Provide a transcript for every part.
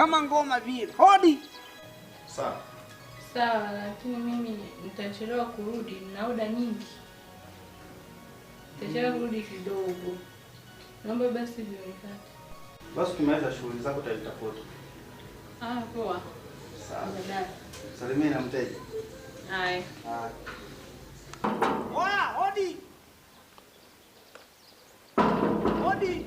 kama ngoma vile. Hodi. Sawa. Sawa, lakini mimi nitachelewa kurudi, na oda nyingi. Nitachelewa kurudi kidogo. Naomba basi vionekane. Basi tumaliza shughuli zako utanitafuta. Ah, poa. Sawa. Salimia na mteja. Hai. Hai. Oya, hodi. Hodi.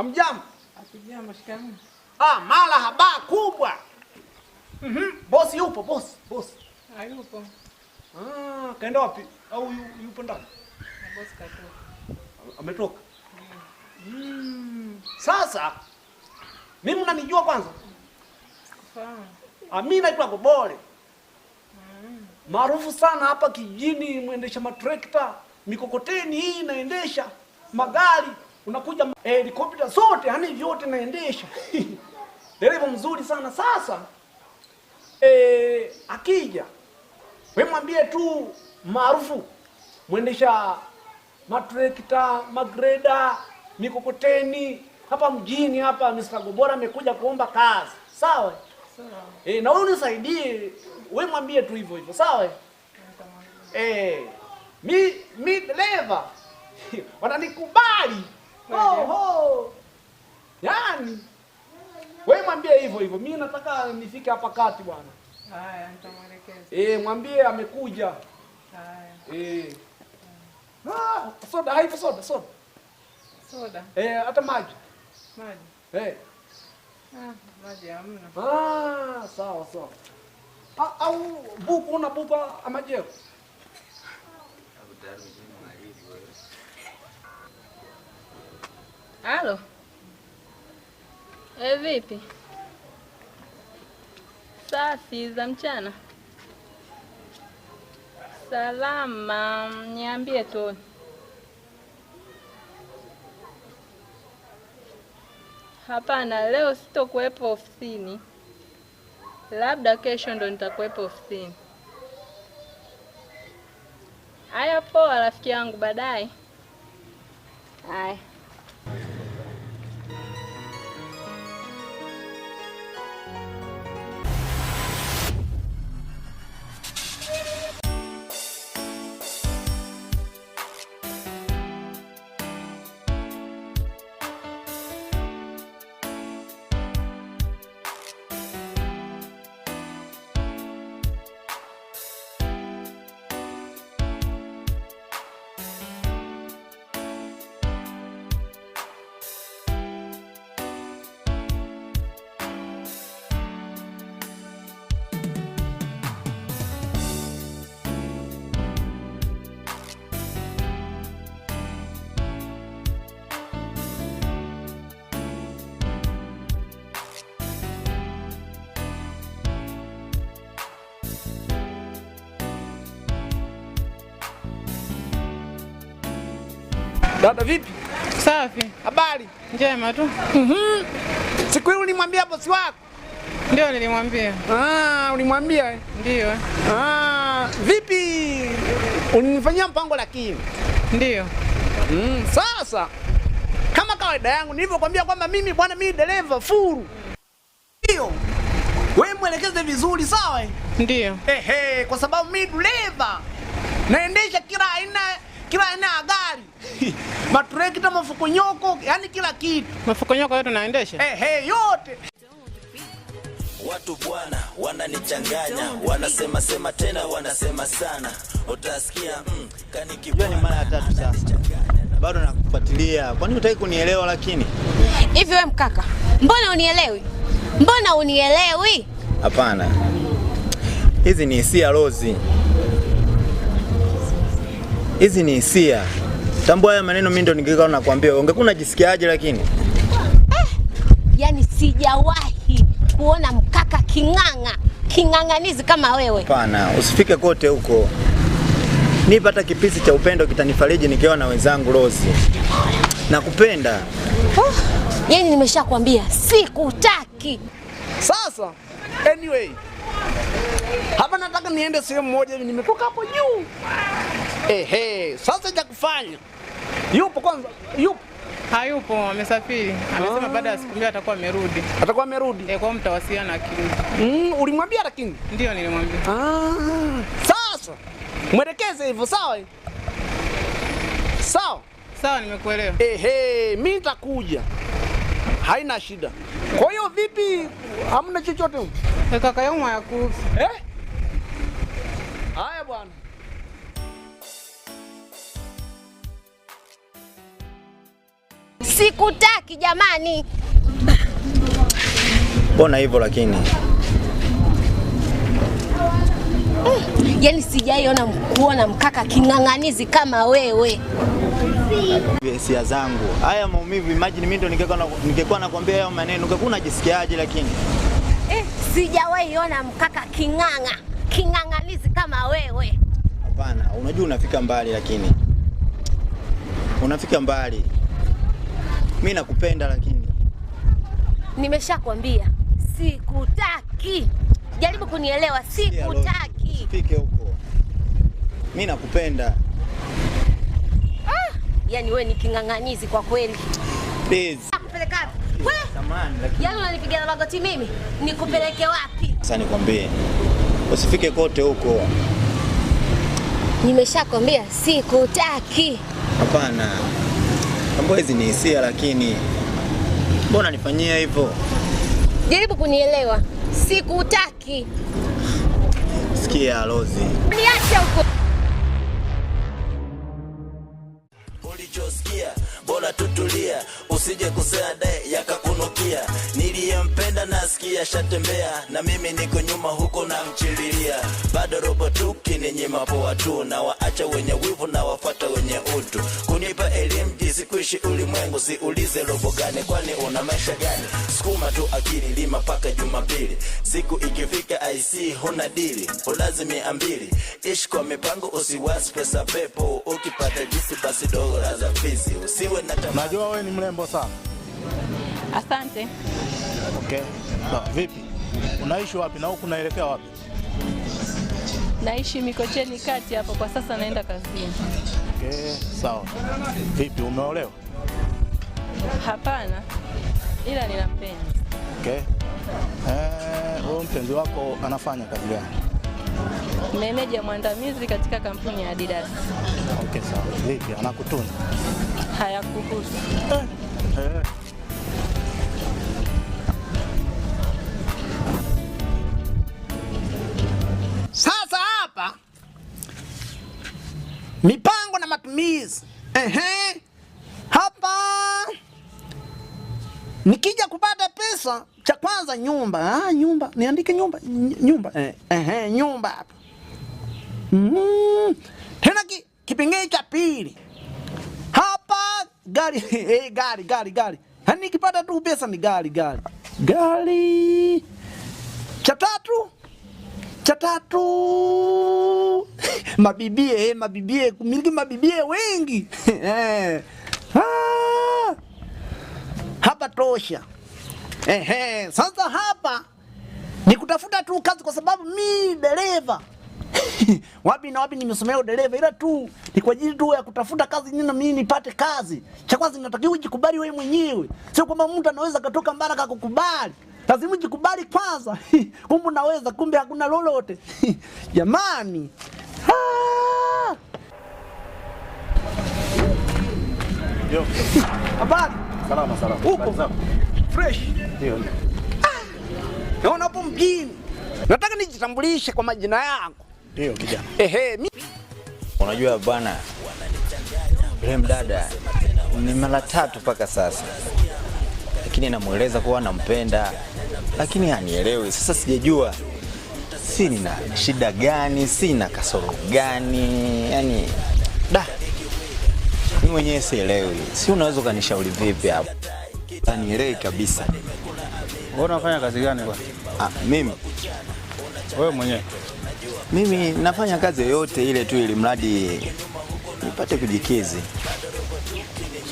Hamjambo? Hatujambo, shikamoo. Ah, mala haba kubwa. Mhm. Mm, bosi yupo, bosi, bosi. Hayupo. Ah, kaenda wapi? Au yupo ndani? Bosi katoka. Ametoka. Mm. mm. Sasa mimi mnanijua kwanza? Fahamu. Amina naitwa Gobole. Mm. Maarufu sana hapa kijini mwendesha matrekta, mikokoteni hii inaendesha magari unakuja eh, helikopta eh, zote yani vyote naendesha dereva mzuri sana. Sasa eh, akija we mwambie tu maarufu mwendesha matrekta, magreda, mikokoteni hapa mjini hapa, Mr. Gobora amekuja kuomba kazi. Sawa eh, na wewe unisaidie, we mwambie tu hivyo hivyo, sawa eh, mi mi dereva wananikubali ho, ho. Yaani mwambie hivyo hivyo, mi nataka nifike hapa kati bwana. Haya, nitamwelekeza. Eh, mwambie amekuja. Haya. Eh. Ah, ah soda, haipo soda, soda. Soda. Eh, hata maji. Maji. Eh. Ah, maji hamna. Ah, sawa sawa. Au buku una buku amajeko. Abudari. Halo. E, vipi? Safi za mchana? Salama, niambie tu. Hapana, leo sitokuwepo ofisini, labda kesho ndo nitakuwepo ofisini. Haya, poa rafiki yangu, baadaye. Haya. Dada vipi? Safi. Habari? Njema tu. Mhm. Siku ile ulimwambia bosi wako? Ndio nilimwambia. Ah, ulimwambia? Eh? Ndio. Ah, vipi? Ulinifanyia mpango lakini. Ndio. Mm, sasa kama kawaida yangu nilivyokuambia kwamba mimi bwana, mimi dereva furu. Ndio. Wewe mwelekeze vizuri sawa? Eh? Ndio. Ehe, kwa sababu mimi dereva naendesha kila aina kila aina ya gari matrekta, mafukonyoko, yani kila kitu. Mafukonyoko yote naendesha eh, hey, eh, yote. Watu bwana wananichanganya, wanasema sema tena wanasema sana, utasikia mm, kanikijua ni mara ya tatu sasa bado nakufuatilia. nini utaki kunielewa? Lakini hivi wewe mkaka, mbona unielewi? Mbona unielewi? Hapana, hizi ni hisia Rozi, hizi ni hisia Tambua haya maneno mimi ndo ningekao nakwambia. Ungekuwa unajisikiaje lakini? Eh, yani sijawahi kuona mkaka king'ang'a, king'ang'anizi kama wewe. Hapana, usifike kote huko. nipata hata kipisi cha upendo kitanifariji nikiwa na wenzangu Rozi. Nakupenda. Oh, yani nimeshakwambia sikutaki. Sasa anyway, hapa nataka niende sehemu moja hivi, nimetoka hapo juu. Ehe, sasa cha kufanya Yupo kwanza, yupo hayupo, amesafiri. Amesema ah. baada ya siku mbili atakuwa amerudi, atakuwa amerudi. E, kwa mtawasiliana akirudi. Mm, ulimwambia lakini? Ndio, nilimwambia. Ah, sasa mwelekeze hivyo, sawa sawa sawa, nimekuelewa. Ehe, mimi nitakuja, haina shida. Kwa hiyo vipi, hamna chochote? Eh, kaka yangu hayakuhusu. Eh? Haya bwana. Sikutaki jamani. Mbona hivyo lakini? Mm, yani sijaiona kuona mkaka king'ang'anizi kama wewe. Hisia zangu haya maumivu, imagine mimi ndo ningekuwa nakwambia hayo maneno ungekuwa unajisikiaje? Lakini eh, sijawahi ona mkaka king'ang'a king'ang'anizi kama wewe. Hapana, unajua unafika mbali, lakini unafika mbali mimi nakupenda lakini nimeshakwambia sikutaki. Jaribu kunielewa, sikutaki. Fike huko. Mimi nakupenda. Ah, yani wewe ni king'ang'anizi kwa kweli. Please. Nakupeleka wapi? lakini. Yaani na magoti mimi? Nikupeleke wapi? Sasa nikwambie. Usifike kote huko. Nimeshakwambia sikutaki. Hapana. Ambo hizi ni hisia, lakini mbona nifanyia hivyo? Jaribu kunielewa, sikutaki. Sikia Rozi, niache huko. Ulichosikia bora tutulia, usije kusema naye yaka kumnukia, niliyempenda nasikia shatembea, na mimi niko nyuma huko namchimbilia, bado robo tu kininyima poa tu, na waacha wenye wivu na wafata wenye utu, kunipa elimu jinsi kuishi ulimwengu. Siulize robo gani, kwani una maisha gani? Sukuma tu akili, lima paka Jumapili, siku ikifika ic huna dili, ulazimi ambili ishi kwa mipango, usiwasi pesa pepo, ukipata jisi basi dogo la za fizi, usiwe na tamaa. Najua wewe ni mrembo sana Asante. Okay. No, vipi, unaishi wapi na huku unaelekea wapi? Naishi Mikocheni kati hapo, kwa sasa naenda kazini. Okay, sawa. Vipi, umeolewa? Hapana, ila nina Okay. Eh, Huyo mpenzi wako anafanya kazi gani? Meneja mwandamizi katika kampuni ya Adidas. Okay, sawa. Vipi, anakutunza? Hayakuhusu. Eh. Ehe, hapa nikija kupata pesa, cha kwanza nyumba. Ah, nyumba niandike nyumba, nyumba eh, ehe, nyumba hapa mm. Tena ki, kipengee cha pili hapa gari eh, eh, gari gari gari, yani nikipata tu pesa ni gari gari gari. Cha tatu cha tatu mabibie, eh, mabibie kumiliki mabibie wengi eh. hapa tosha Ehe, Sasa hapa ni kutafuta tu kazi, kwa sababu mi dereva wapi na wapi nimesomea udereva, ila tu ni kwa ajili tu ya kutafuta kazi, nina mimi nipate kazi. Cha kwanza inatakiwa ujikubali wewe mwenyewe, sio kwamba mtu anaweza katoka mbara akakukubali lazima jikubali kwanza. Kumbe unaweza, kumbe hakuna lolote jamani. Ah! Habari? Salama salama. Uko fresh? Ndio. Ah! Naona hapo mjini. Nataka nijitambulishe kwa majina yangu. Ndio kijana. Ehe, mimi unajua bwana, yule dada ni mara tatu mpaka sasa, lakini namweleza kuwa nampenda lakini hanielewi. Sasa sijajua si nina shida gani, si na kasoro gani, yani da mimi mwenyewe sielewi. Si unaweza ukanishauri vipi hapo? Anielewi kabisa. Wewe unafanya kazi gani kwa? Ah, mimi wewe mwenyewe mimi nafanya kazi yoyote ile tu, ili mradi nipate kujikizi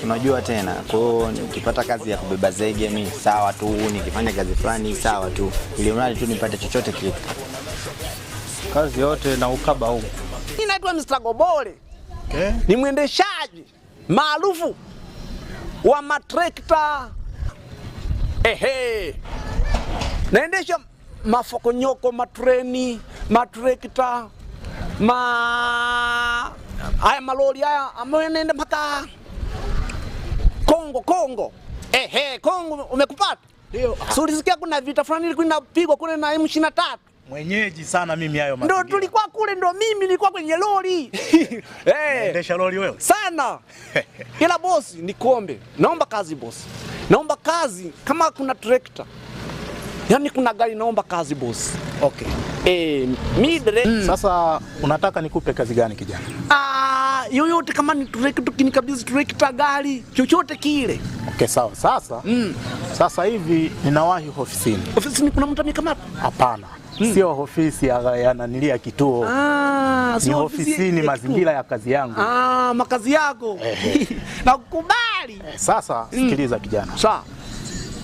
unajua tena. Kwa hiyo nikipata kazi ya kubeba zege mi sawa tu, nikifanya kazi fulani sawa tu, ili mradi tu nipate chochote kile. Kazi yote na ukaba huu. Mimi naitwa Mr. Gobole. Okay. Ni mwendeshaji maarufu wa matrekta. Ehe. Naendesha mafokonyoko, matreni, matrekta, ma haya malori haya ambayo yanaenda mpaka Kongo, Kongo. Eh, eh, Kongo umekupata? Ndio. So ulisikia kuna vita fulani ilikuwa inapigwa kule na M23. Mwenyeji sana mimi hayo mazingira. Ndio tulikuwa kule, ndio mimi nilikuwa kwenye lori. Eh. hey. Endesha lori wewe. Sana. Ila bosi, nikombe. Naomba kazi bosi. Naomba kazi kama kuna trekta. Yaani kuna gari naomba kazi bosi. Okay. Eh, mimi direct. Mm. Sasa unataka nikupe kazi gani kijana? Ah, yoyote, kama ni kitu kinikabidhi, turekita gari chochote kile. Okay, sawa. Sasa mm. Sasa hivi ninawahi ofisini. Ofisini kuna mtu amekamata? Hapana. Hmm. Sio ofisi yananilia ah, ya kituo. Aa, ni ofisini, mazingira ya kazi yangu. Ah, makazi yako eh. eh, sasa mm. sikiliza hmm. Kijana, sawa,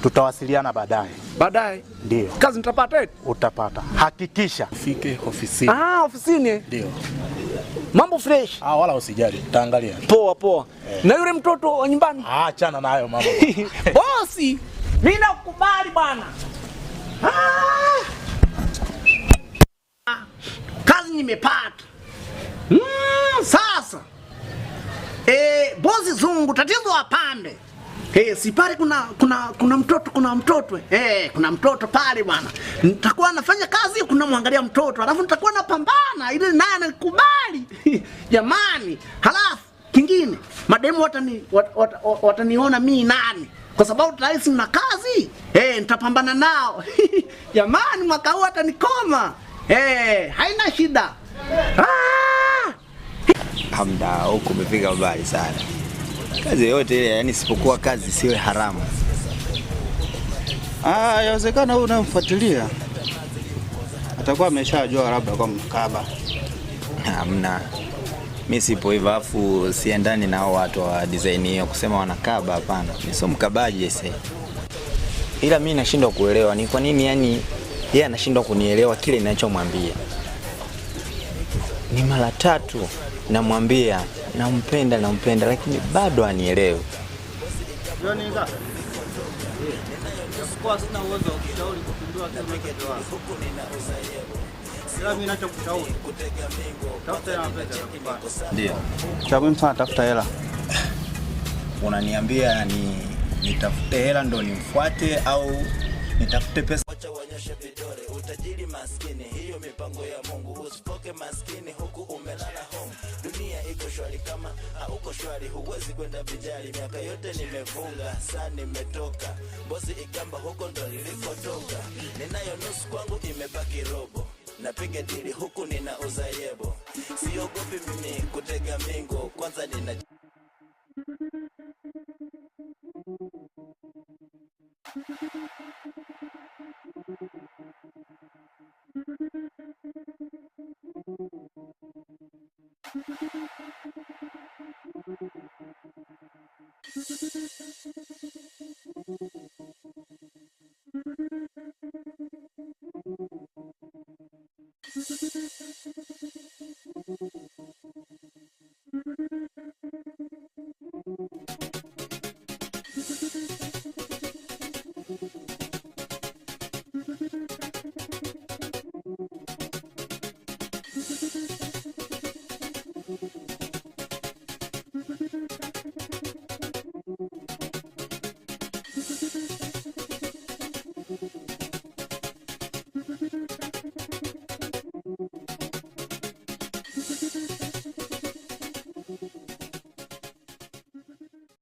tutawasiliana baadaye. Baadaye ndio kazi nitapata, utapata. Hakikisha fike ofisini. Ah, ofisini ndio. Mambo fresh. Ah, wala usijali. Tutaangalia. Poa poa. Eh. Na yule mtoto wa nyumbani? Ah, achana nayo mambo. Bosi, mimi nakubali bwana. Ah! Kazi nimepata. Mm, sasa. Eh, bosi zungu tatizo apande. Eh, si pale kuna kuna kuna mtoto kuna mtoto eh, eh, kuna mtoto pale bwana. Nitakuwa nafanya kazi kuna mwangalia mtoto, alafu nitakuwa napambana ile naye anakubali. Jamani, halafu kingine mademu watani wat, wat, wat, wataniona mimi nani kwa sababu rais na kazi eh, nitapambana nao jamani, mwaka huu atanikoma eh, haina shida. Ah! Hamda, huko umefika mbali sana kazi yoyote ile, yani isipokuwa kazi siwe haramu. Ah, yawezekana huyu unamfuatilia atakuwa ameshajua labda kwa mkaba. Hamna, mi sipo hivyo, alafu siendani nao watu wa design hiyo kusema wanakaba. Hapana, mi sio mkabaji ese, ila mi nashindwa kuelewa ni kwa nini yani yeye anashindwa kunielewa kile ninachomwambia. Ni mara tatu namwambia nampenda, nampenda, lakini bado anielewe. Ndio tafuta hela. Unaniambia ni nitafute hela ndo nimfuate au nitafute pesa, wacha wanyoshe vidole, utajiri maskini, hiyo mipango ya Mungu, usipoke maskini huku umelala home. Dunia iko shwari, kama hauko ah, shwari huwezi kwenda vijali. Miaka yote nimevunga saa nimetoka, bosi ikamba huko ndo nilikotoka, ninayo nusu kwangu, imebaki robo napiga dili huku nina uzayebo, siogopi mimi kutega mingo, kwanza nina Thank you.